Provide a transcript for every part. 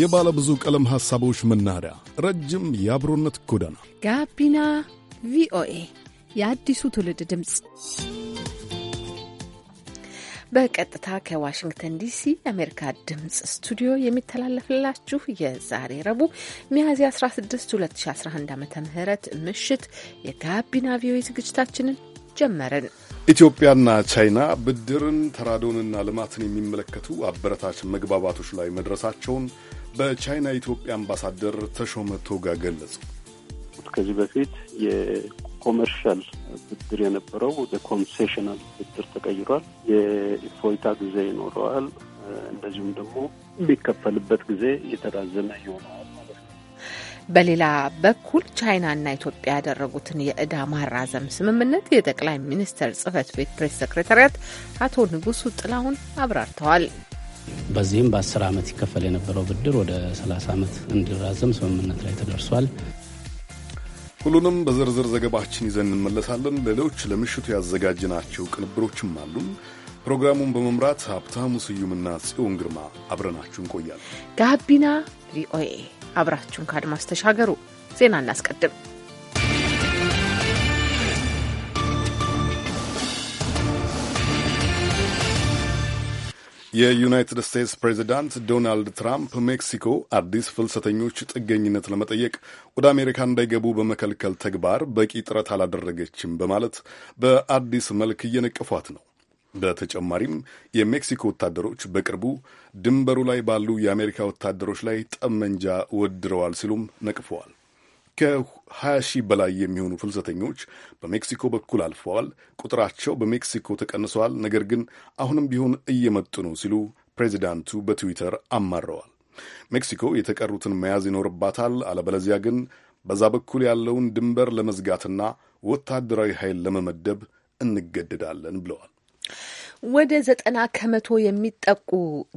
የባለ ብዙ ቀለም ሐሳቦች መናኸሪያ፣ ረጅም የአብሮነት ጎዳና ጋቢና ቪኦኤ የአዲሱ ትውልድ ድምፅ በቀጥታ ከዋሽንግተን ዲሲ የአሜሪካ ድምፅ ስቱዲዮ የሚተላለፍላችሁ የዛሬ ረቡዕ ሚያዝያ 16 2011 ዓ ም ምሽት የጋቢና ቪኦኤ ዝግጅታችንን ጀመርን። ኢትዮጵያና ቻይና ብድርን ተራድኦንና ልማትን የሚመለከቱ አበረታች መግባባቶች ላይ መድረሳቸውን በቻይና ኢትዮጵያ አምባሳደር ተሾመ ቶጋ ገለጹ። ከዚህ በፊት የኮመርሻል ብድር የነበረው ወደ ኮንሴሽናል ብድር ተቀይሯል። የእፎይታ ጊዜ ይኖረዋል። እንደዚሁም ደግሞ የሚከፈልበት ጊዜ የተራዘመ ይሆናል። በሌላ በኩል ቻይናና ኢትዮጵያ ያደረጉትን የእዳ ማራዘም ስምምነት የጠቅላይ ሚኒስትር ጽህፈት ቤት ፕሬስ ሰክሬታሪያት አቶ ንጉሱ ጥላሁን አብራርተዋል። በዚህም በ10 ዓመት ይከፈል የነበረው ብድር ወደ 30 ዓመት እንዲራዘም ስምምነት ላይ ተደርሷል። ሁሉንም በዝርዝር ዘገባችን ይዘን እንመለሳለን። ሌሎች ለምሽቱ ያዘጋጅናቸው ቅንብሮችም አሉን። ፕሮግራሙን በመምራት ሀብታሙ ስዩምና ጽዮን ግርማ አብረናችሁ እንቆያለን። ጋቢና ቪኦኤ አብራችሁን ከአድማስ ተሻገሩ። ዜና እናስቀድም። የዩናይትድ ስቴትስ ፕሬዚዳንት ዶናልድ ትራምፕ ሜክሲኮ አዲስ ፍልሰተኞች ጥገኝነት ለመጠየቅ ወደ አሜሪካ እንዳይገቡ በመከልከል ተግባር በቂ ጥረት አላደረገችም በማለት በአዲስ መልክ እየነቀፏት ነው። በተጨማሪም የሜክሲኮ ወታደሮች በቅርቡ ድንበሩ ላይ ባሉ የአሜሪካ ወታደሮች ላይ ጠመንጃ ወድረዋል ሲሉም ነቅፈዋል። ከ20 ሺህ በላይ የሚሆኑ ፍልሰተኞች በሜክሲኮ በኩል አልፈዋል። ቁጥራቸው በሜክሲኮ ተቀንሰዋል፣ ነገር ግን አሁንም ቢሆን እየመጡ ነው ሲሉ ፕሬዚዳንቱ በትዊተር አማረዋል። ሜክሲኮ የተቀሩትን መያዝ ይኖርባታል፣ አለበለዚያ ግን በዛ በኩል ያለውን ድንበር ለመዝጋትና ወታደራዊ ኃይል ለመመደብ እንገደዳለን ብለዋል። ወደ ዘጠና ከመቶ የሚጠቁ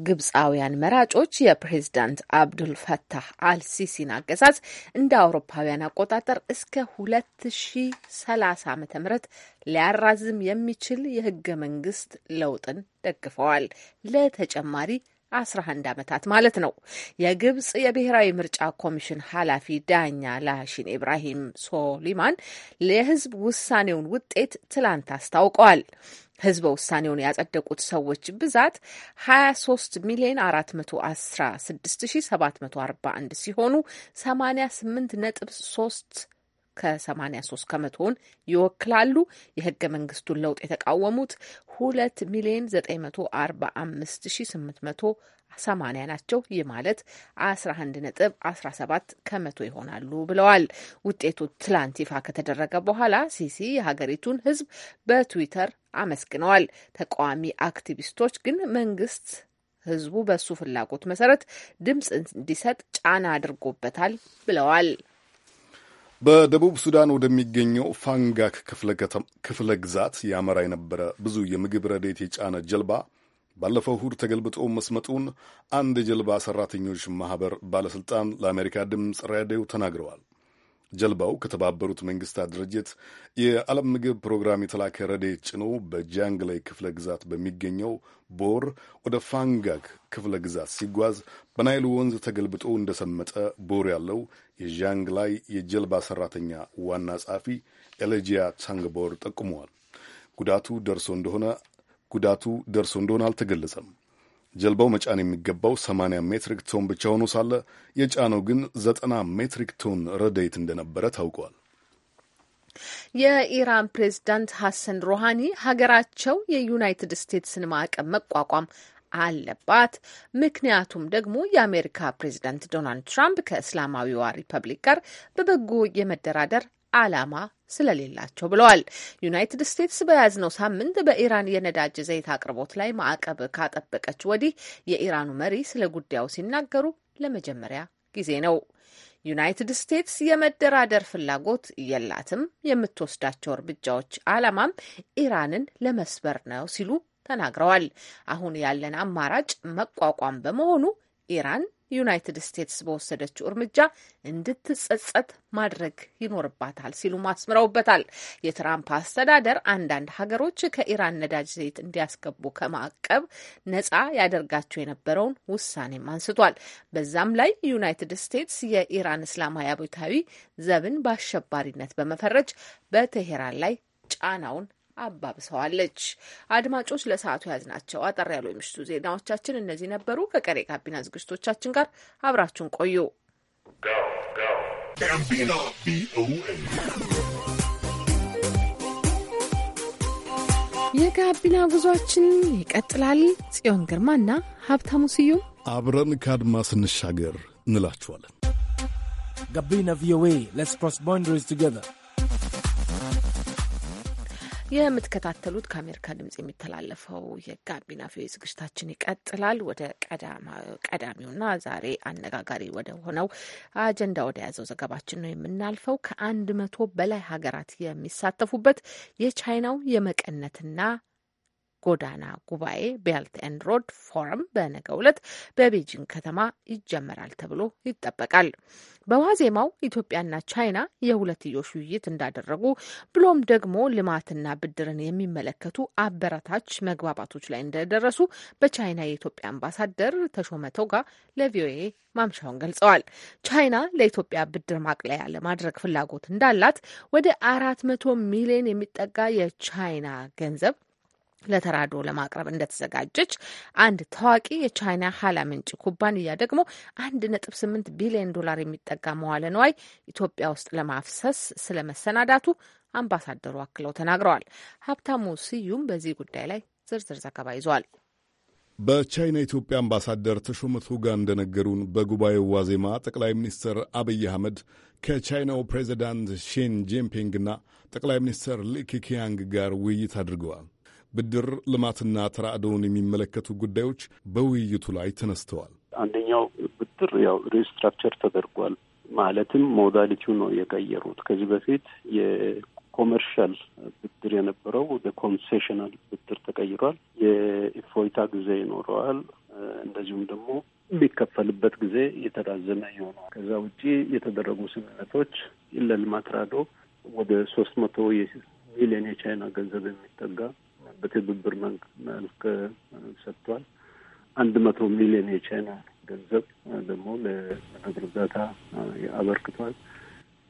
ግብፃውያን መራጮች የፕሬዝዳንት አብዱል ፈታህ አልሲሲን አገዛዝ እንደ አውሮፓውያን አቆጣጠር እስከ ሁለት ሺ ሰላሳ ዓመተ ምህረት ሊያራዝም የሚችል የህገ መንግስት ለውጥን ደግፈዋል። ለተጨማሪ 11 ዓመታት ማለት ነው። የግብጽ የብሔራዊ ምርጫ ኮሚሽን ኃላፊ ዳኛ ላሽን ኢብራሂም ሶሊማን የህዝብ ውሳኔውን ውጤት ትላንት አስታውቀዋል። ህዝበ ውሳኔውን ያጸደቁት ሰዎች ብዛት 23 ሚሊዮን 416741 ሲሆኑ 88 ነጥብ 3 ከ83 ከመቶውን ይወክላሉ። የህገ መንግስቱን ለውጥ የተቃወሙት 2 ሚሊዮን 945 800 80 ናቸው። ይህ ማለት 11 ነጥብ 17 ከመቶ ይሆናሉ ብለዋል። ውጤቱ ትላንት ይፋ ከተደረገ በኋላ ሲሲ የሀገሪቱን ሕዝብ በትዊተር አመስግነዋል። ተቃዋሚ አክቲቪስቶች ግን መንግስት ሕዝቡ በሱ ፍላጎት መሰረት ድምፅ እንዲሰጥ ጫና አድርጎበታል ብለዋል። በደቡብ ሱዳን ወደሚገኘው ፋንጋክ ክፍለ ግዛት ያመራ የነበረ ብዙ የምግብ ረዴት የጫነ ጀልባ ባለፈው እሁድ ተገልብጦ መስመጡን አንድ የጀልባ ሠራተኞች ማኅበር ባለሥልጣን ለአሜሪካ ድምፅ ሬዲዮ ተናግረዋል። ጀልባው ከተባበሩት መንግሥታት ድርጅት የዓለም ምግብ ፕሮግራም የተላከ ረድኤት ጭኖ በጃንግላይ ክፍለ ግዛት በሚገኘው ቦር ወደ ፋንጋክ ክፍለ ግዛት ሲጓዝ በናይሉ ወንዝ ተገልብጦ እንደሰመጠ ቦር ያለው ላይ የጀልባ ሠራተኛ ዋና ጸሐፊ ኤሌጂያ ቻንግቦር ጠቁመዋል። ጉዳቱ ደርሶ እንደሆነ ጉዳቱ ደርሶ እንደሆነ አልተገለጸም። ጀልባው መጫን የሚገባው 80 ሜትሪክ ቶን ብቻ ሆኖ ሳለ የጫነው ግን 90 ሜትሪክ ቶን ረዳይት እንደነበረ ታውቋል። የኢራን ፕሬዝዳንት ሐሰን ሮሃኒ ሀገራቸው የዩናይትድ ስቴትስን ማዕቀብ መቋቋም አለባት ምክንያቱም ደግሞ የአሜሪካ ፕሬዝዳንት ዶናልድ ትራምፕ ከእስላማዊዋ ሪፐብሊክ ጋር በበጎ የመደራደር ዓላማ ስለሌላቸው ብለዋል። ዩናይትድ ስቴትስ በያዝነው ሳምንት በኢራን የነዳጅ ዘይት አቅርቦት ላይ ማዕቀብ ካጠበቀች ወዲህ የኢራኑ መሪ ስለ ጉዳዩ ሲናገሩ ለመጀመሪያ ጊዜ ነው። ዩናይትድ ስቴትስ የመደራደር ፍላጎት የላትም፣ የምትወስዳቸው እርምጃዎች ዓላማም ኢራንን ለመስበር ነው ሲሉ ተናግረዋል። አሁን ያለን አማራጭ መቋቋም በመሆኑ ኢራን ዩናይትድ ስቴትስ በወሰደችው እርምጃ እንድትጸጸት ማድረግ ይኖርባታል ሲሉም አስምረውበታል። የትራምፕ አስተዳደር አንዳንድ ሀገሮች ከኢራን ነዳጅ ዘይት እንዲያስገቡ ከማዕቀብ ነጻ ያደርጋቸው የነበረውን ውሳኔም አንስቷል። በዛም ላይ ዩናይትድ ስቴትስ የኢራን እስላማዊ አብዮታዊ ዘብን በአሸባሪነት በመፈረጅ በቴሄራን ላይ ጫናውን አባብሰዋለች። አድማጮች ለሰዓቱ ያዝናቸው አጠር ያሉ የምሽቱ ዜናዎቻችን እነዚህ ነበሩ። ከቀሬ ጋቢና ዝግጅቶቻችን ጋር አብራችሁን ቆዩ። የጋቢና ጉዟችን ይቀጥላል። ጽዮን ግርማና ሀብታሙ ስዩም አብረን ከአድማ ስንሻገር እንላችኋለን። ጋቢና ቪኦኤ ሌትስ ክሮስ ባውንደሪስ ቱጌዘር የምትከታተሉት ከአሜሪካ ድምጽ የሚተላለፈው የጋቢና ፌ ዝግጅታችን ይቀጥላል። ወደ ቀዳሚውና ዛሬ አነጋጋሪ ወደ ሆነው አጀንዳ ወደ ያዘው ዘገባችን ነው የምናልፈው። ከአንድ መቶ በላይ ሀገራት የሚሳተፉበት የቻይናው የመቀነትና ጎዳና ጉባኤ ቤልት ኤንድ ሮድ ፎረም በነገ ዕለት በቤጂንግ ከተማ ይጀመራል ተብሎ ይጠበቃል። በዋዜማው ኢትዮጵያና ቻይና የሁለትዮሽ ውይይት እንዳደረጉ ብሎም ደግሞ ልማትና ብድርን የሚመለከቱ አበረታች መግባባቶች ላይ እንደደረሱ በቻይና የኢትዮጵያ አምባሳደር ተሾመተው ጋር ለቪኦኤ ማምሻውን ገልጸዋል። ቻይና ለኢትዮጵያ ብድር ማቅለያ ለማድረግ ፍላጎት እንዳላት ወደ አራት መቶ ሚሊዮን የሚጠጋ የቻይና ገንዘብ ለተራድኦ ለማቅረብ እንደተዘጋጀች አንድ ታዋቂ የቻይና ሀላ ምንጭ ኩባንያ ደግሞ አንድ ነጥብ ስምንት ቢሊዮን ዶላር የሚጠጋ መዋለ ንዋይ ኢትዮጵያ ውስጥ ለማፍሰስ ስለ መሰናዳቱ አምባሳደሩ አክለው ተናግረዋል። ሀብታሙ ስዩም በዚህ ጉዳይ ላይ ዝርዝር ዘገባ ይዟል። በቻይና ኢትዮጵያ አምባሳደር ተሾመ ቶጋ እንደነገሩን በጉባኤው ዋዜማ ጠቅላይ ሚኒስትር አብይ አህመድ ከቻይናው ፕሬዚዳንት ሺን ጂንፒንግና ጠቅላይ ሚኒስትር ሊ ጋር ውይይት አድርገዋል። ብድር ልማትና ተራድኦን የሚመለከቱ ጉዳዮች በውይይቱ ላይ ተነስተዋል። አንደኛው ብድር ያው ሪስትራክቸር ተደርጓል። ማለትም ሞዳሊቲው ነው የቀየሩት። ከዚህ በፊት የኮመርሻል ብድር የነበረው ወደ ኮንሴሽናል ብድር ተቀይሯል። የእፎይታ ጊዜ ይኖረዋል። እንደዚሁም ደግሞ የሚከፈልበት ጊዜ የተራዘመ የሆነ ከዛ ውጪ የተደረጉ ስምምነቶች ለልማት ራዶ ወደ ሶስት መቶ ሚሊዮን የቻይና ገንዘብ የሚጠጋ በትብብር መልክ ሰጥቷል። አንድ መቶ ሚሊዮን የቻይና ገንዘብ ደግሞ ለምግብ እርዳታ አበርክቷል።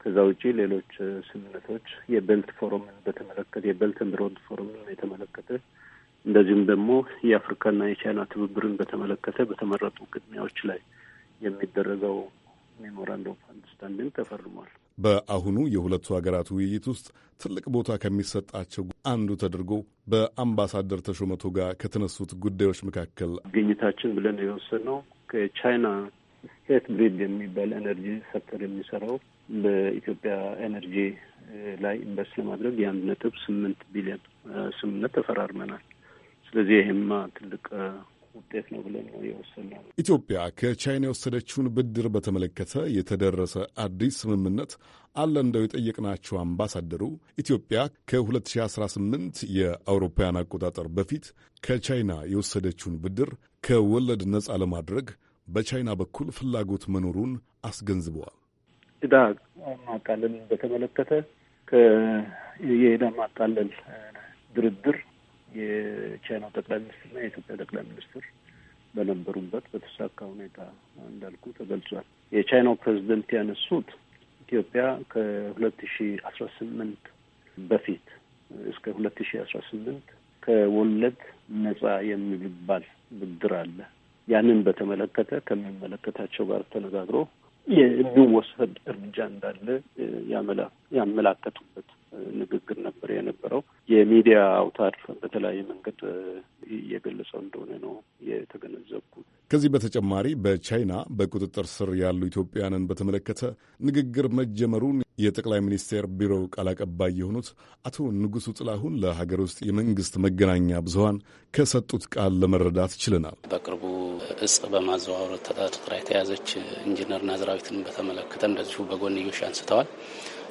ከዛ ውጪ ሌሎች ስምምነቶች የቤልት ፎረምን በተመለከተ የቤልት ኤንድ ሮድ ፎረምን የተመለከተ እንደዚሁም ደግሞ የአፍሪካና የቻይና ትብብርን በተመለከተ በተመረጡ ቅድሚያዎች ላይ የሚደረገው ሜሞራንዶ ኦፍ አንደርስታንዲንግ ተፈርሟል። በአሁኑ የሁለቱ ሀገራት ውይይት ውስጥ ትልቅ ቦታ ከሚሰጣቸው አንዱ ተደርጎ በአምባሳደር ተሾመ ቶጋ ከተነሱት ጉዳዮች መካከል ግኝታችን ብለን የወሰነው ከቻይና ስቴት ግሪድ የሚባል ኤነርጂ ሰክተር የሚሰራው በኢትዮጵያ ኤነርጂ ላይ ኢንቨስት ለማድረግ የአንድ ነጥብ ስምንት ቢሊዮን ስምምነት ተፈራርመናል። ስለዚህ ይህማ ትልቅ ውጤት ነው ብለን ነው የወሰነው። ኢትዮጵያ ከቻይና የወሰደችውን ብድር በተመለከተ የተደረሰ አዲስ ስምምነት አለ እንደው የጠየቅናቸው አምባሳደሩ ኢትዮጵያ ከ2018 የአውሮፓውያን አቆጣጠር በፊት ከቻይና የወሰደችውን ብድር ከወለድ ነጻ ለማድረግ በቻይና በኩል ፍላጎት መኖሩን አስገንዝበዋል። እዳ ማቃለልን በተመለከተ የዕዳ ማቃለል ድርድር የቻይናው ጠቅላይ ሚኒስትርና የኢትዮጵያ ጠቅላይ ሚኒስትር በነበሩበት በተሳካ ሁኔታ እንዳልኩ ተገልጿል። የቻይናው ፕሬዚደንት ያነሱት ኢትዮጵያ ከሁለት ሺ አስራ ስምንት በፊት እስከ ሁለት ሺ አስራ ስምንት ከወለድ ነጻ የሚባል ብድር አለ። ያንን በተመለከተ ከሚመለከታቸው ጋር ተነጋግሮ የሚወሰድ እርምጃ እንዳለ ያመላከቱበት ንግግር ነበር የነበረው። የሚዲያ አውታር በተለያየ መንገድ እየገለጸው እንደሆነ ነው የተገነዘብኩት። ከዚህ በተጨማሪ በቻይና በቁጥጥር ስር ያሉ ኢትዮጵያንን በተመለከተ ንግግር መጀመሩን የጠቅላይ ሚኒስቴር ቢሮ ቃል አቀባይ የሆኑት አቶ ንጉሱ ጥላሁን ለሀገር ውስጥ የመንግስት መገናኛ ብዙሀን ከሰጡት ቃል ለመረዳት ችለናል። በቅርቡ እጽ በማዘዋወር ተጠርጥራ የተያዘች ኢንጂነር ናዝራዊትን በተመለከተ እንደዚሁ በጎንዮሽ አንስተዋል።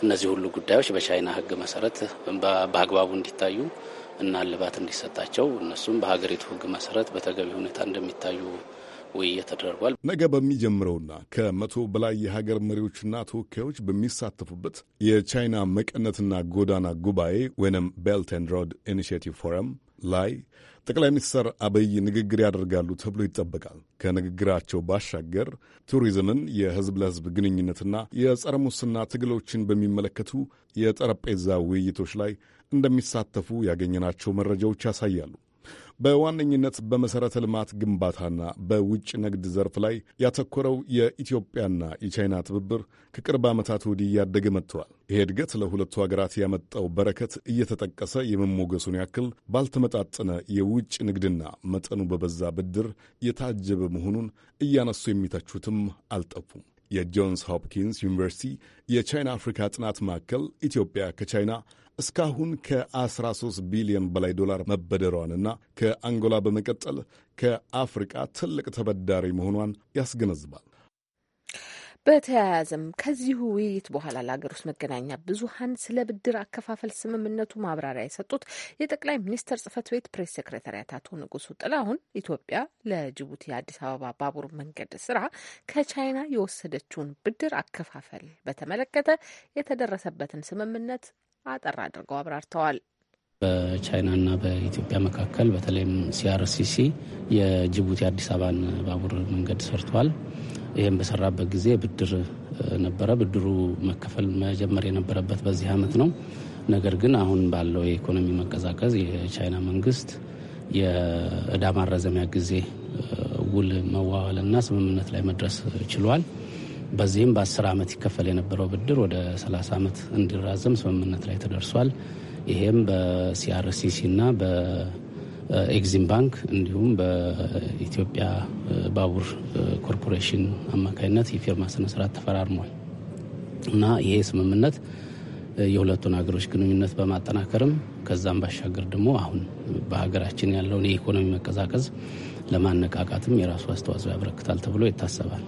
እነዚህ ሁሉ ጉዳዮች በቻይና ህግ መሰረት በአግባቡ እንዲታዩ እና እልባት እንዲሰጣቸው እነሱም በሀገሪቱ ህግ መሰረት በተገቢ ሁኔታ እንደሚታዩ ውይይት ተደርጓል። ነገ በሚጀምረውና ከመቶ በላይ የሀገር መሪዎችና ተወካዮች በሚሳተፉበት የቻይና መቀነትና ጎዳና ጉባኤ ወይም ቤልት ኤንድ ሮድ ኢኒሽቲቭ ፎረም ላይ ጠቅላይ ሚኒስትር አብይ ንግግር ያደርጋሉ ተብሎ ይጠበቃል። ከንግግራቸው ባሻገር ቱሪዝምን፣ የህዝብ ለህዝብ ግንኙነትና የጸረ ሙስና ትግሎችን በሚመለከቱ የጠረጴዛ ውይይቶች ላይ እንደሚሳተፉ ያገኘናቸው መረጃዎች ያሳያሉ። በዋነኝነት በመሠረተ ልማት ግንባታና በውጭ ንግድ ዘርፍ ላይ ያተኮረው የኢትዮጵያና የቻይና ትብብር ከቅርብ ዓመታት ወዲህ እያደገ መጥተዋል። ይሄ እድገት ለሁለቱ ሀገራት ያመጣው በረከት እየተጠቀሰ የመሞገሱን ያክል ባልተመጣጠነ የውጭ ንግድና መጠኑ በበዛ ብድር የታጀበ መሆኑን እያነሱ የሚተቹትም አልጠፉም። የጆንስ ሆፕኪንስ ዩኒቨርሲቲ የቻይና አፍሪካ ጥናት ማዕከል ኢትዮጵያ ከቻይና እስካሁን ከ13 ቢሊዮን በላይ ዶላር መበደሯንና ከአንጎላ በመቀጠል ከአፍሪቃ ትልቅ ተበዳሪ መሆኗን ያስገነዝባል። በተያያዘም ከዚሁ ውይይት በኋላ ለሀገር ውስጥ መገናኛ ብዙኃን ስለ ብድር አከፋፈል ስምምነቱ ማብራሪያ የሰጡት የጠቅላይ ሚኒስትር ጽህፈት ቤት ፕሬስ ሴክሬታሪያት አቶ ንጉሱ ጥላሁን ኢትዮጵያ ለጅቡቲ የአዲስ አበባ ባቡር መንገድ ስራ ከቻይና የወሰደችውን ብድር አከፋፈል በተመለከተ የተደረሰበትን ስምምነት አጠር አድርገው አብራርተዋል። በቻይናና በኢትዮጵያ መካከል በተለይም ሲአርሲሲ የጅቡቲ አዲስ አበባን ባቡር መንገድ ሰርቷል። ይህም በሰራበት ጊዜ ብድር ነበረ። ብድሩ መከፈል መጀመር የነበረበት በዚህ አመት ነው። ነገር ግን አሁን ባለው የኢኮኖሚ መቀዛቀዝ የቻይና መንግስት የእዳ ማራዘሚያ ጊዜ ውል መዋዋልና ስምምነት ላይ መድረስ ችሏል። በዚህም በ10 ዓመት ይከፈል የነበረው ብድር ወደ 30 ዓመት እንዲራዘም ስምምነት ላይ ተደርሷል። ይሄም በሲአርሲሲ እና በኤግዚም ባንክ እንዲሁም በኢትዮጵያ ባቡር ኮርፖሬሽን አማካኝነት የፊርማ ስነስርዓት ተፈራርሟል እና ይሄ ስምምነት የሁለቱን ሀገሮች ግንኙነት በማጠናከርም ከዛም ባሻገር ደግሞ አሁን በሀገራችን ያለውን የኢኮኖሚ መቀዛቀዝ ለማነቃቃትም የራሱ አስተዋጽኦ ያበረክታል ተብሎ ይታሰባል።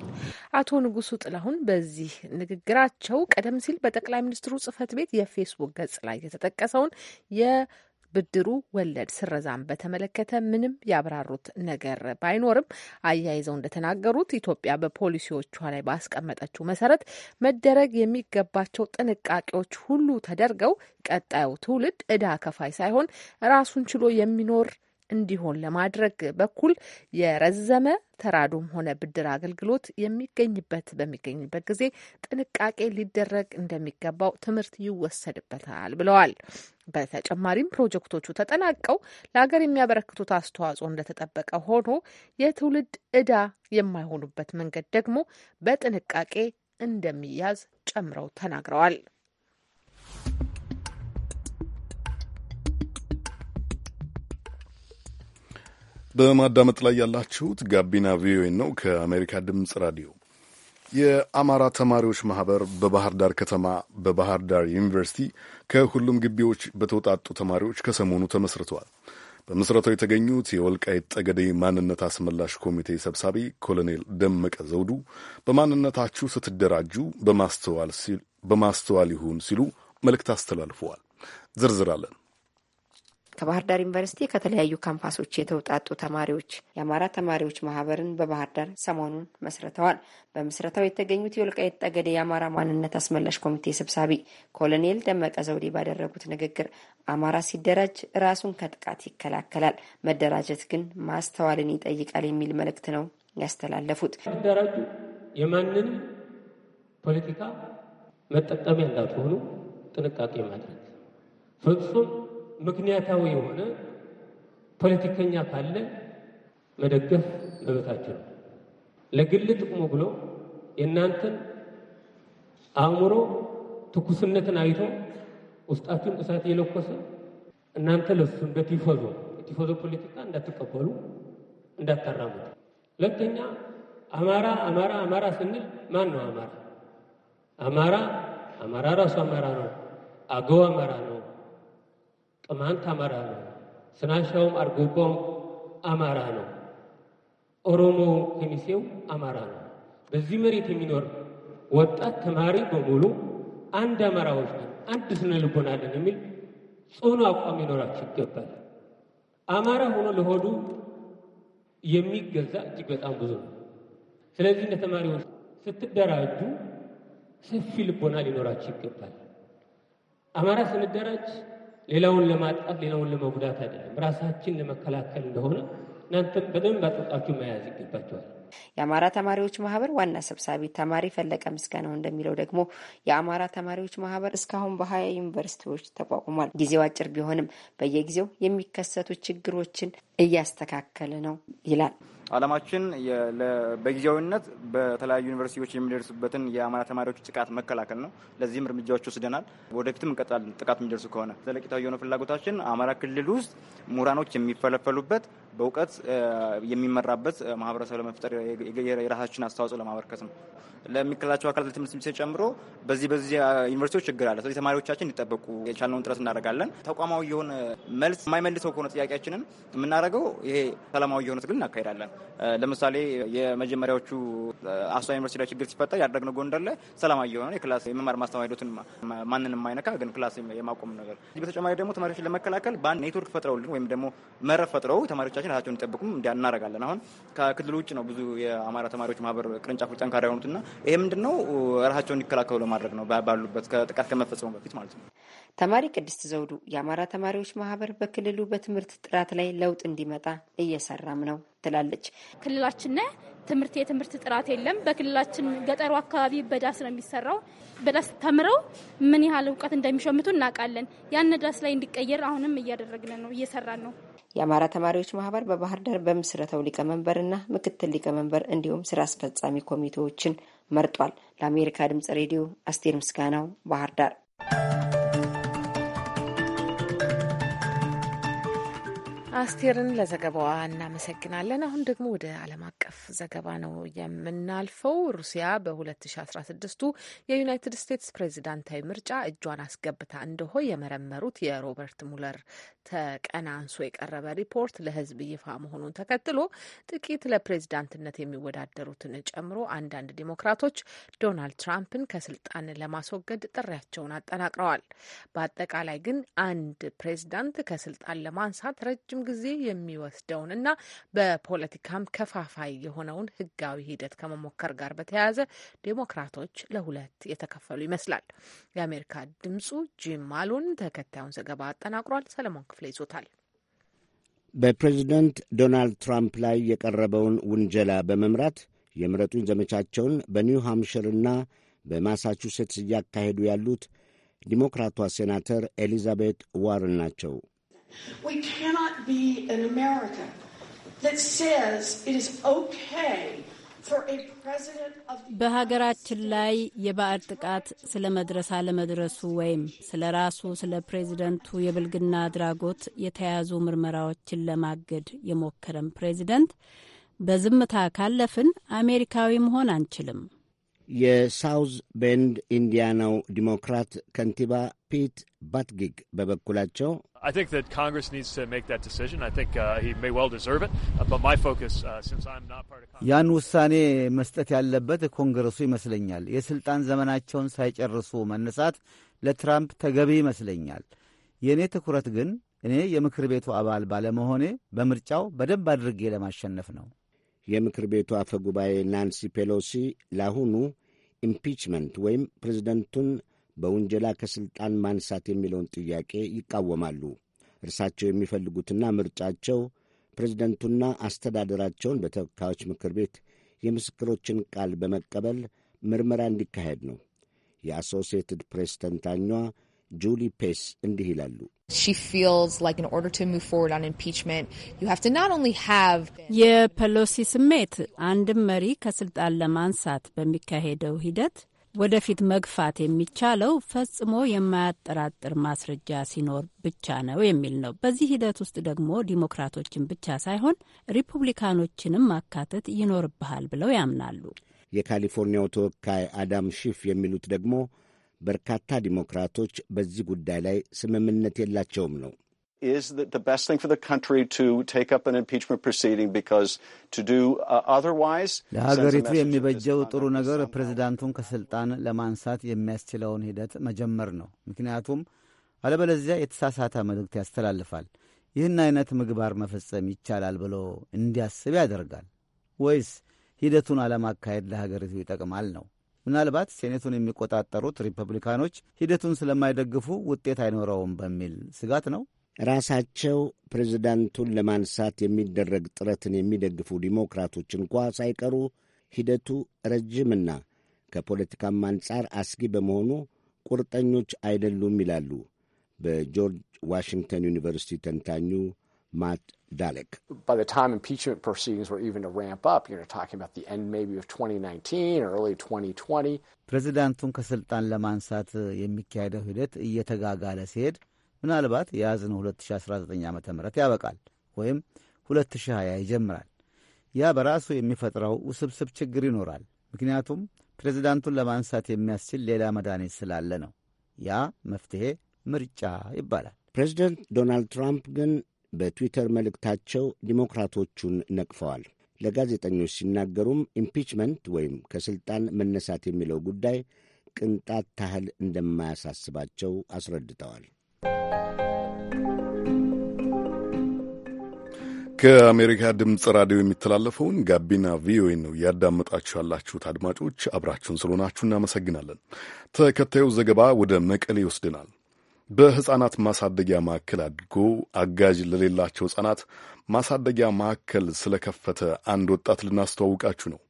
አቶ ንጉሱ ጥላሁን በዚህ ንግግራቸው ቀደም ሲል በጠቅላይ ሚኒስትሩ ጽህፈት ቤት የፌስቡክ ገጽ ላይ የተጠቀሰውን የብድሩ ወለድ ስረዛን በተመለከተ ምንም ያብራሩት ነገር ባይኖርም አያይዘው እንደተናገሩት ኢትዮጵያ በፖሊሲዎቿ ላይ ባስቀመጠችው መሰረት መደረግ የሚገባቸው ጥንቃቄዎች ሁሉ ተደርገው ቀጣዩ ትውልድ እዳ ከፋይ ሳይሆን ራሱን ችሎ የሚኖር እንዲሆን ለማድረግ በኩል የረዘመ ተራዶም ሆነ ብድር አገልግሎት የሚገኝበት በሚገኝበት ጊዜ ጥንቃቄ ሊደረግ እንደሚገባው ትምህርት ይወሰድበታል ብለዋል። በተጨማሪም ፕሮጀክቶቹ ተጠናቀው ለሀገር የሚያበረክቱት አስተዋጽኦ እንደተጠበቀ ሆኖ የትውልድ እዳ የማይሆኑበት መንገድ ደግሞ በጥንቃቄ እንደሚያዝ ጨምረው ተናግረዋል። በማዳመጥ ላይ ያላችሁት ጋቢና ቪኦኤ ነው ከአሜሪካ ድምፅ ራዲዮ። የአማራ ተማሪዎች ማህበር በባህር ዳር ከተማ በባህር ዳር ዩኒቨርሲቲ ከሁሉም ግቢዎች በተውጣጡ ተማሪዎች ከሰሞኑ ተመስርተዋል። በምስረታው የተገኙት የወልቃይት ጠገዴ ማንነት አስመላሽ ኮሚቴ ሰብሳቢ ኮሎኔል ደመቀ ዘውዱ በማንነታችሁ ስትደራጁ በማስተዋል ይሁን ሲሉ መልእክት አስተላልፈዋል። ዝርዝር አለን። ከባህር ዳር ዩኒቨርሲቲ ከተለያዩ ካምፓሶች የተውጣጡ ተማሪዎች የአማራ ተማሪዎች ማህበርን በባህር ዳር ሰሞኑን መስርተዋል። በምስረታው የተገኙት የወልቃይት ጠገዴ የአማራ ማንነት አስመላሽ ኮሚቴ ሰብሳቢ ኮሎኔል ደመቀ ዘውዴ ባደረጉት ንግግር አማራ ሲደራጅ ራሱን ከጥቃት ይከላከላል፣ መደራጀት ግን ማስተዋልን ይጠይቃል የሚል መልእክት ነው ያስተላለፉት። ደራጁ የማንንም ፖለቲካ መጠቀሚያ እንዳትሆኑ ጥንቃቄ ማድረግ ፍጹም ምክንያታዊ የሆነ ፖለቲከኛ ካለ መደገፍ መብታችን ነው። ለግል ጥቅሙ ብሎ የእናንተን አእምሮ ትኩስነትን አይቶ ውስጣችሁን እሳት የለኮሰ እናንተ ለሱ እንደ ቲፎዞ የቲፎዞ ፖለቲካ እንዳትቀበሉ እንዳታራሙት። ሁለተኛ አማራ አማራ አማራ ስንል ማን ነው አማራ? አማራ አማራ ራሱ አማራ ነው። አገው አማራ ነው። ጥማንት አማራ ነው። ስናሻውም አርጎቦም አማራ ነው። ኦሮሞ ከሚሴው አማራ ነው። በዚህ መሬት የሚኖር ወጣት ተማሪ በሙሉ አንድ አማራዎች ነን፣ አንድ ስነ ልቦና አለን የሚል ጽኑ አቋም ሊኖራቸው ይገባል። አማራ ሆኖ ለሆዱ የሚገዛ እጅግ በጣም ብዙ ነው። ስለዚህ እንደ ተማሪዎች ስትደራጁ ሰፊ ልቦና ሊኖራቸው ይገባል። አማራ ስንደራጅ ሌላውን ለማጣት ሌላውን ለመጉዳት አይደለም፣ ራሳችን ለመከላከል እንደሆነ እናንተም በደንብ አጥብቃችሁ መያዝ ይገባቸዋል። የአማራ ተማሪዎች ማህበር ዋና ሰብሳቢ ተማሪ ፈለቀ ምስጋናው እንደሚለው ደግሞ የአማራ ተማሪዎች ማህበር እስካሁን በሀያ ዩኒቨርሲቲዎች ተቋቁሟል። ጊዜው አጭር ቢሆንም በየጊዜው የሚከሰቱ ችግሮችን እያስተካከለ ነው ይላል። አላማችን በጊዜያዊነት በተለያዩ ዩኒቨርሲቲዎች የሚደርሱበትን የአማራ ተማሪዎች ጥቃት መከላከል ነው። ለዚህም እርምጃዎች ወስደናል። ወደፊትም እንቀጥላለን። ጥቃት የሚደርሱ ከሆነ ዘለቂታዊ የሆነ ፍላጎታችን አማራ ክልል ውስጥ ምሁራኖች የሚፈለፈሉበት በእውቀት የሚመራበት ማህበረሰብ ለመፍጠር የራሳችን አስተዋጽኦ ለማበርከት ነው። ለሚከላቸው አካላት ለትምህርት ሚኒስቴር ጨምሮ በዚህ በዚህ ዩኒቨርሲቲዎች ችግር አለ። ስለዚህ ተማሪዎቻችን እንዲጠበቁ የቻልነውን ጥረት እናደርጋለን። ተቋማዊ የሆነ መልስ የማይመልሰው ከሆነ ጥያቄያችንን የምናደርገው ይሄ ሰላማዊ የሆነ ትግል እናካሄዳለን። ለምሳሌ የመጀመሪያዎቹ አሶሳ ዩኒቨርሲቲ ላይ ችግር ሲፈጠር ያደረግነው ጎንደር ላይ ሰላማዊ የሆነ የክላስ የመማር ማስተማር ሂደቱን ማንን የማይነካ ግን ክላስ የማቆም ነገር። በተጨማሪ ደግሞ ተማሪዎችን ለመከላከል በአንድ ኔትወርክ ፈጥረውልን ወይም ደግሞ መረብ ፈጥረው ተማሪዎቻችን ራሳቸውን እንጠብቁም እናደርጋለን። አሁን ከክልል ውጭ ነው ብዙ የአማራ ተማሪዎች ማህበር ቅርንጫፎች ጠንካራ የሆኑትና ይሄ ምንድን ነው ራሳቸውን እንዲከላከሉ ለማድረግ ነው ባሉበት ከጥቃት ከመፈጸሙ በፊት ማለት ነው። ተማሪ ቅድስት ዘውዱ የአማራ ተማሪዎች ማህበር በክልሉ በትምህርት ጥራት ላይ ለውጥ እንዲመጣ እየሰራም ነው ትላለች። ክልላችን ትምህርት የትምህርት ጥራት የለም። በክልላችን ገጠሩ አካባቢ በዳስ ነው የሚሰራው። በዳስ ተምረው ምን ያህል እውቀት እንደሚሸምቱ እናውቃለን። ያን ዳስ ላይ እንዲቀየር አሁንም እያደረግን ነው፣ እየሰራን ነው። የአማራ ተማሪዎች ማህበር በባህር ዳር በምስረተው ሊቀመንበርና ምክትል ሊቀመንበር እንዲሁም ስራ አስፈጻሚ ኮሚቴዎችን መርጧል። ለአሜሪካ ድምጽ ሬዲዮ አስቴር ምስጋናው ባህር ዳር አስቴርን ለዘገባዋ እናመሰግናለን። አሁን ደግሞ ወደ ዓለም አቀፍ ዘገባ ነው የምናልፈው። ሩሲያ በ2016ቱ የዩናይትድ ስቴትስ ፕሬዚዳንታዊ ምርጫ እጇን አስገብታ እንደሆ የመረመሩት የሮበርት ሙለር ተቀናንሶ የቀረበ ሪፖርት ለሕዝብ ይፋ መሆኑን ተከትሎ ጥቂት ለፕሬዚዳንትነት የሚወዳደሩትን ጨምሮ አንዳንድ ዲሞክራቶች ዶናልድ ትራምፕን ከስልጣን ለማስወገድ ጥሪያቸውን አጠናቅረዋል። በአጠቃላይ ግን አንድ ፕሬዚዳንት ከስልጣን ለማንሳት ረጅም ረጅም ጊዜ የሚወስደውን እና በፖለቲካም ከፋፋይ የሆነውን ህጋዊ ሂደት ከመሞከር ጋር በተያያዘ ዴሞክራቶች ለሁለት የተከፈሉ ይመስላል። የአሜሪካ ድምጹ ጂም ማሉን ተከታዩን ዘገባ አጠናቅሯል። ሰለሞን ክፍለ ይዞታል። በፕሬዝደንት ዶናልድ ትራምፕ ላይ የቀረበውን ውንጀላ በመምራት የምረጡኝ ዘመቻቸውን በኒው ሃምሽርና በማሳቹሴትስ እያካሄዱ ያሉት ዲሞክራቷ ሴናተር ኤሊዛቤት ዋርን ናቸው። We cannot be an America that says it is okay for a president of the በሀገራችን ላይ የባዕድ ጥቃት ስለ መድረስ አለመድረሱ ወይም ስለ ራሱ ስለ ፕሬዚደንቱ የብልግና አድራጎት የተያዙ ምርመራዎችን ለማገድ የሞከረም ፕሬዚደንት በዝምታ ካለፍን አሜሪካዊ መሆን አንችልም። የሳውዝ ቤንድ ኢንዲያናው ዲሞክራት ከንቲባ ፒት ባትጊግ በበኩላቸው uh, uh, uh, ያን ውሳኔ መስጠት ያለበት ኮንግረሱ ይመስለኛል። የሥልጣን ዘመናቸውን ሳይጨርሱ መነሳት ለትራምፕ ተገቢ ይመስለኛል። የእኔ ትኩረት ግን እኔ የምክር ቤቱ አባል ባለመሆኔ በምርጫው በደንብ አድርጌ ለማሸነፍ ነው። የምክር ቤቱ አፈ ጉባኤ ናንሲ ፔሎሲ ለአሁኑ ኢምፒችመንት ወይም ፕሬዚደንቱን በውንጀላ ከሥልጣን ማንሳት የሚለውን ጥያቄ ይቃወማሉ። እርሳቸው የሚፈልጉትና ምርጫቸው ፕሬዝደንቱና አስተዳደራቸውን በተወካዮች ምክር ቤት የምስክሮችን ቃል በመቀበል ምርመራ እንዲካሄድ ነው። የአሶሲየትድ ፕሬስ ተንታኟ ጁሊ ፔስ እንዲህ ይላሉ። የፐሎሲ ስሜት አንድም መሪ ከስልጣን ለማንሳት በሚካሄደው ሂደት ወደፊት መግፋት የሚቻለው ፈጽሞ የማያጠራጥር ማስረጃ ሲኖር ብቻ ነው የሚል ነው። በዚህ ሂደት ውስጥ ደግሞ ዲሞክራቶችን ብቻ ሳይሆን ሪፑብሊካኖችንም ማካተት ይኖርብሃል ብለው ያምናሉ። የካሊፎርኒያው ተወካይ አዳም ሺፍ የሚሉት ደግሞ በርካታ ዲሞክራቶች በዚህ ጉዳይ ላይ ስምምነት የላቸውም ነው። is the best thing for the country to take up an impeachment proceeding because to do uh, otherwise ለሀገሪቱ የሚበጀው ጥሩ ነገር ፕሬዚዳንቱን ከስልጣን ለማንሳት የሚያስችለውን ሂደት መጀመር ነው። ምክንያቱም አለበለዚያ የተሳሳተ መልእክት ያስተላልፋል። ይህን አይነት ምግባር መፈጸም ይቻላል ብሎ እንዲያስብ ያደርጋል። ወይስ ሂደቱን አለማካሄድ ለሀገሪቱ ይጠቅማል ነው? ምናልባት ሴኔቱን የሚቆጣጠሩት ሪፐብሊካኖች ሂደቱን ስለማይደግፉ ውጤት አይኖረውም በሚል ስጋት ነው። ራሳቸው ፕሬዚዳንቱን ለማንሳት የሚደረግ ጥረትን የሚደግፉ ዲሞክራቶች እንኳ ሳይቀሩ ሂደቱ ረጅምና ከፖለቲካም አንጻር አስጊ በመሆኑ ቁርጠኞች አይደሉም ይላሉ በጆርጅ ዋሽንግተን ዩኒቨርሲቲ ተንታኙ ማት ዳለክ ፕሬዚዳንቱን ከሥልጣን ለማንሳት የሚካሄደው ሂደት እየተጋጋለ ሲሄድ ምናልባት የያዝነው 2019 ዓ ም ያበቃል ወይም 2020 ይጀምራል። ያ በራሱ የሚፈጥረው ውስብስብ ችግር ይኖራል። ምክንያቱም ፕሬዚዳንቱን ለማንሳት የሚያስችል ሌላ መድኃኒት ስላለ ነው። ያ መፍትሔ ምርጫ ይባላል። ፕሬዚደንት ዶናልድ ትራምፕ ግን በትዊተር መልእክታቸው ዲሞክራቶቹን ነቅፈዋል። ለጋዜጠኞች ሲናገሩም ኢምፒችመንት ወይም ከሥልጣን መነሳት የሚለው ጉዳይ ቅንጣት ታህል እንደማያሳስባቸው አስረድተዋል። ከአሜሪካ ድምፅ ራዲዮ የሚተላለፈውን ጋቢና ቪኦኤ ነው እያዳመጣችሁ ያላችሁት። አድማጮች አብራችሁን ስለሆናችሁ እናመሰግናለን። ተከታዩ ዘገባ ወደ መቀሌ ይወስድናል። በሕፃናት ማሳደጊያ ማዕከል አድጎ አጋዥ ለሌላቸው ሕፃናት ማሳደጊያ ማዕከል ስለከፈተ አንድ ወጣት ልናስተዋውቃችሁ ነው።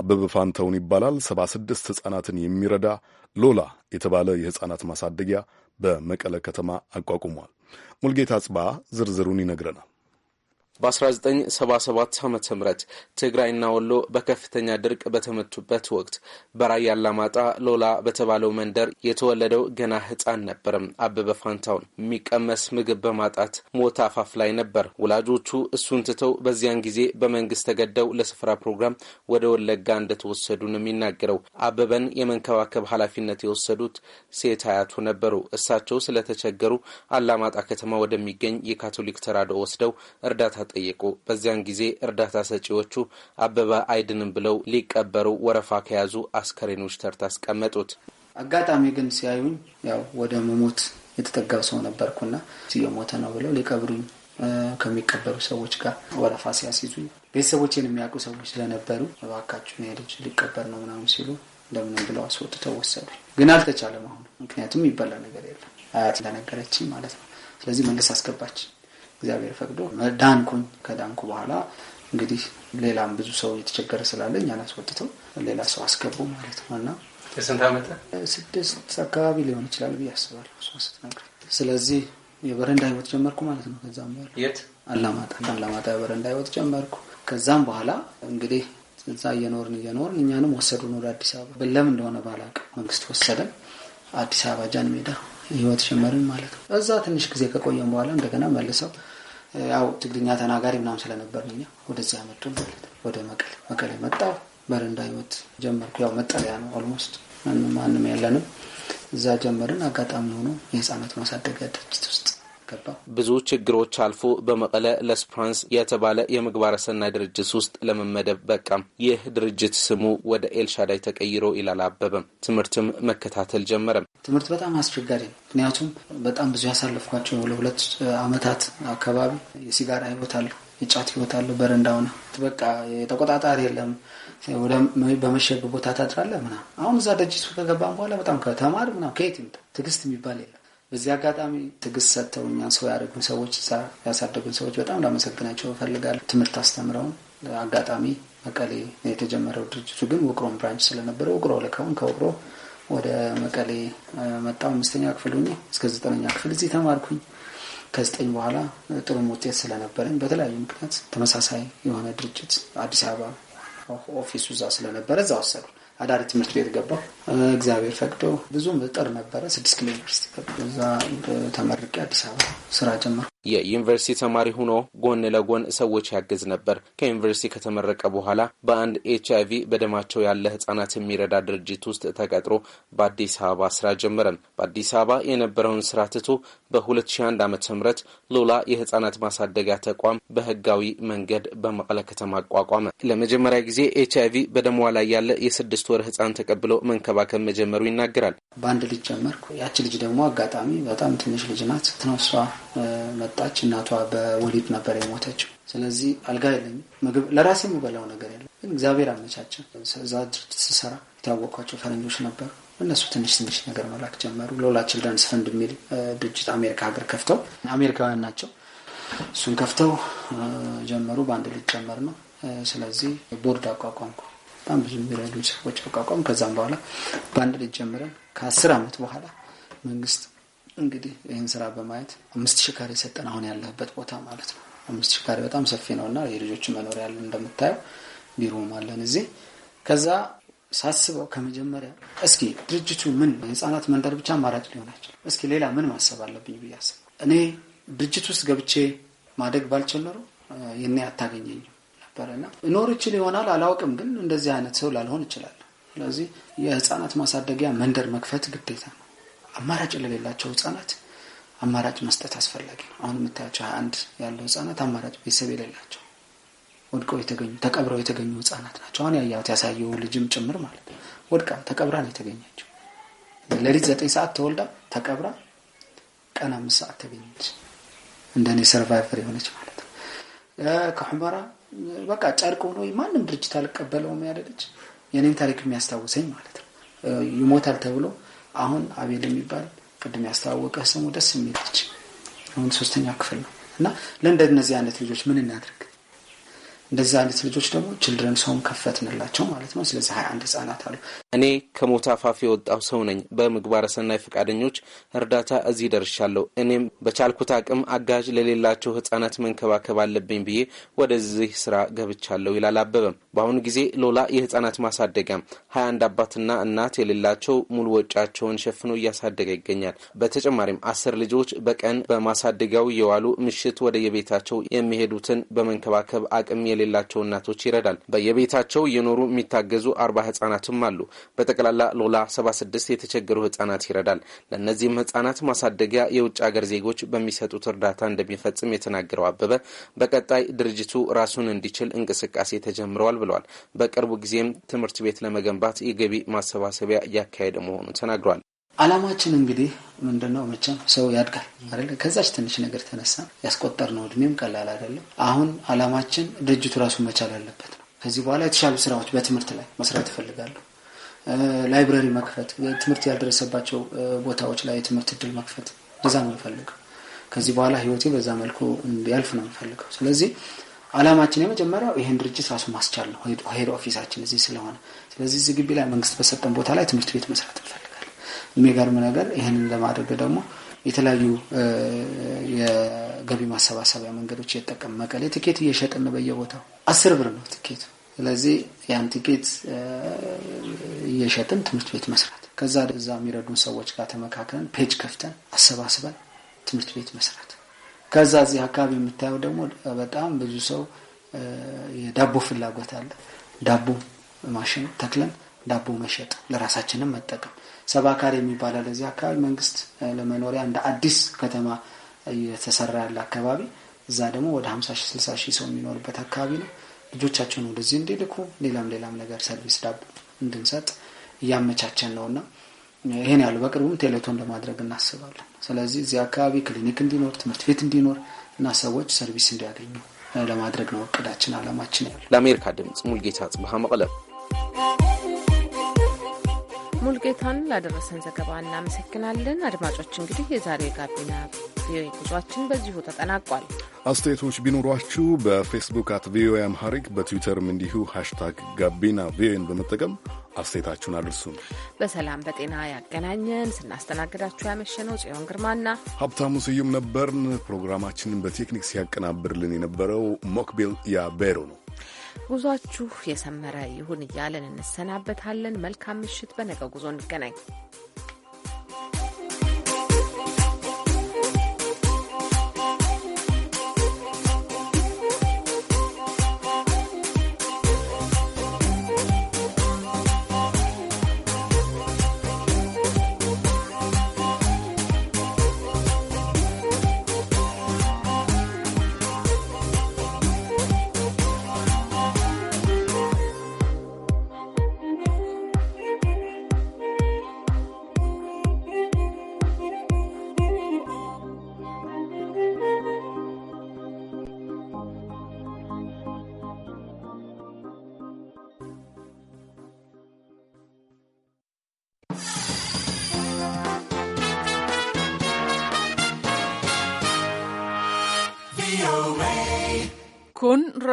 አበበ ፋንታውን ይባላል። ሰባ ስድስት ሕፃናትን የሚረዳ ሎላ የተባለ የሕፃናት ማሳደጊያ በመቀለ ከተማ አቋቁሟል። ሙልጌታ ጽባ ዝርዝሩን ይነግረናል። በ1977 ዓ ም ትግራይና ወሎ በከፍተኛ ድርቅ በተመቱበት ወቅት በራያ አላማጣ ሎላ በተባለው መንደር የተወለደው ገና ህፃን ነበርም። አበበ ፋንታውን የሚቀመስ ምግብ በማጣት ሞት አፋፍ ላይ ነበር። ወላጆቹ እሱን ትተው በዚያን ጊዜ በመንግስት ተገደው ለስፍራ ፕሮግራም ወደ ወለጋ እንደተወሰዱ ነው የሚናገረው። አበበን የመንከባከብ ኃላፊነት የወሰዱት ሴት አያቱ ነበሩ። እሳቸው ስለተቸገሩ አላማጣ ከተማ ወደሚገኝ የካቶሊክ ተራድኦ ወስደው እርዳታ ተጠየቁ። በዚያን ጊዜ እርዳታ ሰጪዎቹ አበበ አይድንም ብለው ሊቀበሩ ወረፋ ከያዙ አስከሬኖች ተርታ አስቀመጡት። አጋጣሚ ግን ሲያዩኝ ያው ወደ መሞት የተጠጋው ሰው ነበርኩና እየሞተ ነው ብለው ሊቀብሩኝ ከሚቀበሩ ሰዎች ጋር ወረፋ ሲያስይዙኝ ቤተሰቦቼን የሚያውቁ ሰዎች ስለነበሩ እባካችሁ ይሄ ልጅ ሊቀበር ነው ምናምን ሲሉ እንደምንም ብለው አስወጥተው ወሰዱኝ። ግን አልተቻለም አሁን ምክንያቱም ይበላ ነገር የለም አያት እንደነገረችኝ ማለት ነው። ስለዚህ መንግስት አስገባች። እግዚአብሔር ፈቅዶ ዳንኩኝ። ከዳንኩ በኋላ እንግዲህ ሌላም ብዙ ሰው እየተቸገረ ስላለ እኛን አስወጥተው ሌላ ሰው አስገቡ ማለት ነው እና ስንት ዓመት ስድስት አካባቢ ሊሆን ይችላል ብዬ አስባለሁ። ሶስት ስለዚህ የበረንዳ ህይወት ጀመርኩ ማለት ነው። ከዛም የት አላማጣ አላማጣ የበረንዳ ህይወት ጀመርኩ። ከዛም በኋላ እንግዲህ እዛ እየኖርን እየኖርን እኛንም ወሰዱን ወደ አዲስ አበባ። ለምን እንደሆነ ባላውቅም መንግስት ወሰደን አዲስ አበባ ጃን ሜዳ ህይወት ጀመርን ማለት ነው። እዛ ትንሽ ጊዜ ከቆየን በኋላ እንደገና መልሰው ያው ትግርኛ ተናጋሪ ምናምን ስለነበር እኛ ወደዚህ መጡን ማለት ወደ መቀሌ መቀሌ መጣሁ። በረንዳ ህይወት ጀመርኩ። ያው መጠለያ ነው ኦልሞስት ማንም የለንም። እዛ ጀመርን። አጋጣሚ ሆኖ የህፃናት ማሳደጊያ ድርጅት ውስጥ የሚገባው። ብዙ ችግሮች አልፎ በመቀለ ለስፕራንስ የተባለ የምግባረ ሰናይ ድርጅት ውስጥ ለመመደብ በቃም። ይህ ድርጅት ስሙ ወደ ኤልሻዳይ ተቀይሮ ይላል አበበም። ትምህርትም መከታተል ጀመረም። ትምህርት በጣም አስቸጋሪ ነው። ምክንያቱም በጣም ብዙ ያሳለፍኳቸው ለሁለት አመታት አካባቢ የሲጋራ ህይወት አለሁ፣ የጫት ህይወት አለሁ። በረንዳ ሆነ በቃ ተቆጣጣሪ የለም። በመሸግ ቦታ ታድራለህ ምናምን። አሁን እዛ ድርጅቱ ከገባም በኋላ በጣም ከተማር ምናምን ከየት ትዕግስት የሚባል የለም በዚህ አጋጣሚ ሰጥተው ሰጥተውኛ ሰው ያደረጉኝ ሰዎች እዛ ሰዎች በጣም ላመሰግናቸው እፈልጋለሁ። ትምህርት አስተምረውን አጋጣሚ መቀሌ የተጀመረው ድርጅቱ ግን ውቅሮን ብራንች ስለነበረ ውቅሮ ልከውን ከውቅሮ ወደ መቀሌ መጣሁ። አምስተኛ ክፍል ሁኜ እስከ ዘጠነኛ ክፍል እዚህ ተማርኩኝ። ከዘጠኝ በኋላ ጥሩም ውጤት ስለነበረኝ በተለያዩ ምክንያት ተመሳሳይ የሆነ ድርጅት አዲስ አበባ ኦፊሱ እዛ ስለነበረ እዛ ወሰዱ። አዳሪ ትምህርት ቤት ገባሁ። እግዚአብሔር ፈቅዶ ብዙም እጥር ነበረ። ስድስት ኪሎ ዩኒቨርሲቲ እዛ ተመርቄ አዲስ አበባ ስራ ጀመርኩ። የዩኒቨርሲቲ ተማሪ ሆኖ ጎን ለጎን ሰዎች ያግዝ ነበር። ከዩኒቨርሲቲ ከተመረቀ በኋላ በአንድ ኤች አይቪ በደማቸው ያለ ህጻናት የሚረዳ ድርጅት ውስጥ ተቀጥሮ በአዲስ አበባ ስራ ጀመረም። በአዲስ አበባ የነበረውን ስራ ትቶ በ2001 ዓ ም ሎላ የህጻናት ማሳደጊያ ተቋም በህጋዊ መንገድ በመቀለ ከተማ አቋቋመ። ለመጀመሪያ ጊዜ ኤች አይቪ በደሟ ላይ ያለ የስድስት ወር ህጻን ተቀብሎ መንከ መንከባከብ መጀመሩ ይናገራል። በአንድ ልጅ ጀመርኩ። ያቺ ልጅ ደግሞ አጋጣሚ በጣም ትንሽ ልጅ ናት። ትነሷ መጣች። እናቷ በወሊድ ነበር የሞተችው። ስለዚህ አልጋ የለኝ፣ ምግብ ለራሴ የምበላው ነገር የለም። ግን እግዚአብሔር አመቻቸ። እዛ ድርጅት ስሰራ የታወቋቸው ፈረንጆች ነበሩ። እነሱ ትንሽ ትንሽ ነገር መላክ ጀመሩ። ሎላ ችልድረንስ ፈንድ የሚል ድርጅት አሜሪካ ሀገር ከፍተው አሜሪካውያን ናቸው። እሱን ከፍተው ጀመሩ። በአንድ ልጅ ጀመር ነው። ስለዚህ ቦርድ አቋቋምኩ። በጣም ብዙ የሚረዱ ሰዎች አቋቋም። ከዛም በኋላ በአንድ ልጅ ጀምረን ከአስር አመት በኋላ መንግስት እንግዲህ ይህን ስራ በማየት አምስት ሽካሪ ካሬ የሰጠን አሁን ያለበት ቦታ ማለት ነው። አምስት ሺህ ካሬ በጣም ሰፊ ነው እና የልጆች መኖሪያ ያለ እንደምታየው ቢሮም አለን እዚህ። ከዛ ሳስበው ከመጀመሪያ እስኪ ድርጅቱ ምን የህፃናት መንደር ብቻ አማራጭ ሊሆናቸው እስኪ ሌላ ምን ማሰብ አለብኝ ብዬ አስብ። እኔ ድርጅት ውስጥ ገብቼ ማደግ ባልችል ኖሮ ይህኔ አታገኘኝም ነበረና ኖር ይችል ይሆናል አላውቅም፣ ግን እንደዚህ አይነት ሰው ላልሆን ይችላል። ስለዚህ የህፃናት ማሳደጊያ መንደር መክፈት ግዴታ ነው። አማራጭ ለሌላቸው ህፃናት አማራጭ መስጠት አስፈላጊ ነው። አሁን የምታያቸው ሀያ አንድ ያለው ህጻናት አማራጭ ቤተሰብ የሌላቸው ወድቀው የተገኙ ተቀብረው የተገኙ ህጻናት ናቸው። አሁን ያያት ያሳየው ልጅም ጭምር ማለት ነው። ወድቃ ተቀብራ ነው የተገኘችው። ሌሊት ዘጠኝ ሰዓት ተወልዳ ተቀብራ ቀን አምስት ሰዓት ተገኘች። እንደኔ ሰርቫይቨር የሆነች ማለት ነው። ከሑመራ በቃ ጨርቅ ሆኖ ማንም ድርጅት አልቀበለውም ያለለች የኔም ታሪክ የሚያስታውሰኝ ማለት ነው። ይሞታል ተብሎ አሁን አቤል የሚባል ቅድም ያስተዋወቀ ስሙ ደስ የሚል ልጅ አሁን ሶስተኛ ክፍል ነው እና ለእንደነዚህ አይነት ልጆች ምን እናድርግ? እንደዚህ አይነት ልጆች ደግሞ ችልድረን ሰውን ከፈትንላቸው ማለት ነው። ስለዚህ ሀያ አንድ ህጻናት አሉ። እኔ ከሞት አፋፍ የወጣው ሰው ነኝ። በምግባረ ሰናይ ፈቃደኞች እርዳታ እዚህ ደርሻለሁ። እኔም በቻልኩት አቅም አጋዥ ለሌላቸው ህጻናት መንከባከብ አለብኝ ብዬ ወደዚህ ስራ ገብቻለሁ ይላል አበበም። በአሁኑ ጊዜ ሎላ የህጻናት ማሳደጊያ ሀያ አንድ አባትና እናት የሌላቸው ሙሉ ወጫቸውን ሸፍኖ እያሳደገ ይገኛል። በተጨማሪም አስር ልጆች በቀን በማሳደጊያው የዋሉ ምሽት ወደ የቤታቸው የሚሄዱትን በመንከባከብ አቅም የሌላቸው እናቶች ይረዳል። በየቤታቸው እየኖሩ የሚታገዙ አርባ ህጻናትም አሉ። በጠቅላላ ሎላ ሰባ ስድስት የተቸገሩ ህጻናት ይረዳል። ለእነዚህም ህጻናት ማሳደጊያ የውጭ ሀገር ዜጎች በሚሰጡት እርዳታ እንደሚፈጽም የተናገረው አበበ በቀጣይ ድርጅቱ ራሱን እንዲችል እንቅስቃሴ ተጀምረዋል ብለዋል። በቅርቡ ጊዜም ትምህርት ቤት ለመገንባት የገቢ ማሰባሰቢያ እያካሄደ መሆኑን ተናግሯል። አላማችን እንግዲህ ምንድነው መቼም ሰው ያድጋል አይደለ? ከዛች ትንሽ ነገር ተነሳ ያስቆጠር ነው። እድሜም ቀላል አይደለም። አሁን አላማችን ድርጅቱ ራሱ መቻል አለበት ነው። ከዚህ በኋላ የተሻሉ ስራዎች በትምህርት ላይ መስራት ይፈልጋሉ። ላይብረሪ መክፈት፣ ትምህርት ያልደረሰባቸው ቦታዎች ላይ የትምህርት እድል መክፈት፣ እንደዛ ነው የምፈልገው። ከዚህ በኋላ ህይወቴ በዛ መልኩ እንዲያልፍ ነው የምፈልገው። ስለዚህ አላማችን የመጀመሪያው ይህን ድርጅት ራሱ ማስቻል ነው። ሄድ ኦፊሳችን እዚህ ስለሆነ፣ ስለዚህ እዚህ ግቢ ላይ መንግስት በሰጠን ቦታ ላይ ትምህርት ቤት መስራት እንፈልጋለን። የሚገርም ነገር ይህንን ለማድረግ ደግሞ የተለያዩ የገቢ ማሰባሰቢያ መንገዶች እየተጠቀም መቀሌ ትኬት እየሸጥን በየቦታው አስር ብር ነው ትኬቱ። ስለዚህ ያን ትኬት እየሸጥን ትምህርት ቤት መስራት ከዛ እዛ የሚረዱን ሰዎች ጋር ተመካክረን ፔጅ ከፍተን አሰባስበን ትምህርት ቤት መስራት ከዛ እዚህ አካባቢ የምታየው ደግሞ በጣም ብዙ ሰው የዳቦ ፍላጎት አለ። ዳቦ ማሽን ተክለን ዳቦ መሸጥ ለራሳችንም መጠቀም ሰባካር የሚባል አለ። እዚህ አካባቢ መንግስት ለመኖሪያ እንደ አዲስ ከተማ እየተሰራ ያለ አካባቢ እዛ ደግሞ ወደ ሀምሳ ሺህ ስልሳ ሺህ ሰው የሚኖርበት አካባቢ ነው። ልጆቻቸውን ወደዚህ እንዲልኩ ሌላም ሌላም ነገር ሰርቪስ ዳቦ እንድንሰጥ እያመቻቸን እና ይሄን ያሉ በቅርቡም ቴሌቶን ለማድረግ እናስባለን። ስለዚህ እዚህ አካባቢ ክሊኒክ እንዲኖር፣ ትምህርት ቤት እንዲኖር እና ሰዎች ሰርቪስ እንዲያገኙ ለማድረግ ነው እቅዳችን፣ አላማችን ያሉ። ለአሜሪካ ድምፅ ሙልጌታ ጽብሃ መቅለብ ሙልጌታን ላደረሰን ዘገባ እናመሰግናለን። አድማጮች እንግዲህ የዛሬ ጋቢና ቪኦኤ ጉዟችን በዚሁ ተጠናቋል። አስተያየቶች ቢኖሯችሁ በፌስቡክ አት ቪኦኤ አምሃሪክ በትዊተርም እንዲሁ ሃሽታግ ጋቢና ቪኦኤን በመጠቀም አስተያየታችሁን አድርሱን። በሰላም በጤና ያገናኘን። ስናስተናግዳችሁ ያመሸነው ጽዮን ግርማና ሀብታሙ ስዩም ነበርን። ፕሮግራማችንን በቴክኒክ ሲያቀናብርልን የነበረው ሞክቤል ያቤሮ ነው። ጉዟችሁ የሰመረ ይሁን እያለን እንሰናበታለን። መልካም ምሽት። በነገ ጉዞ እንገናኝ።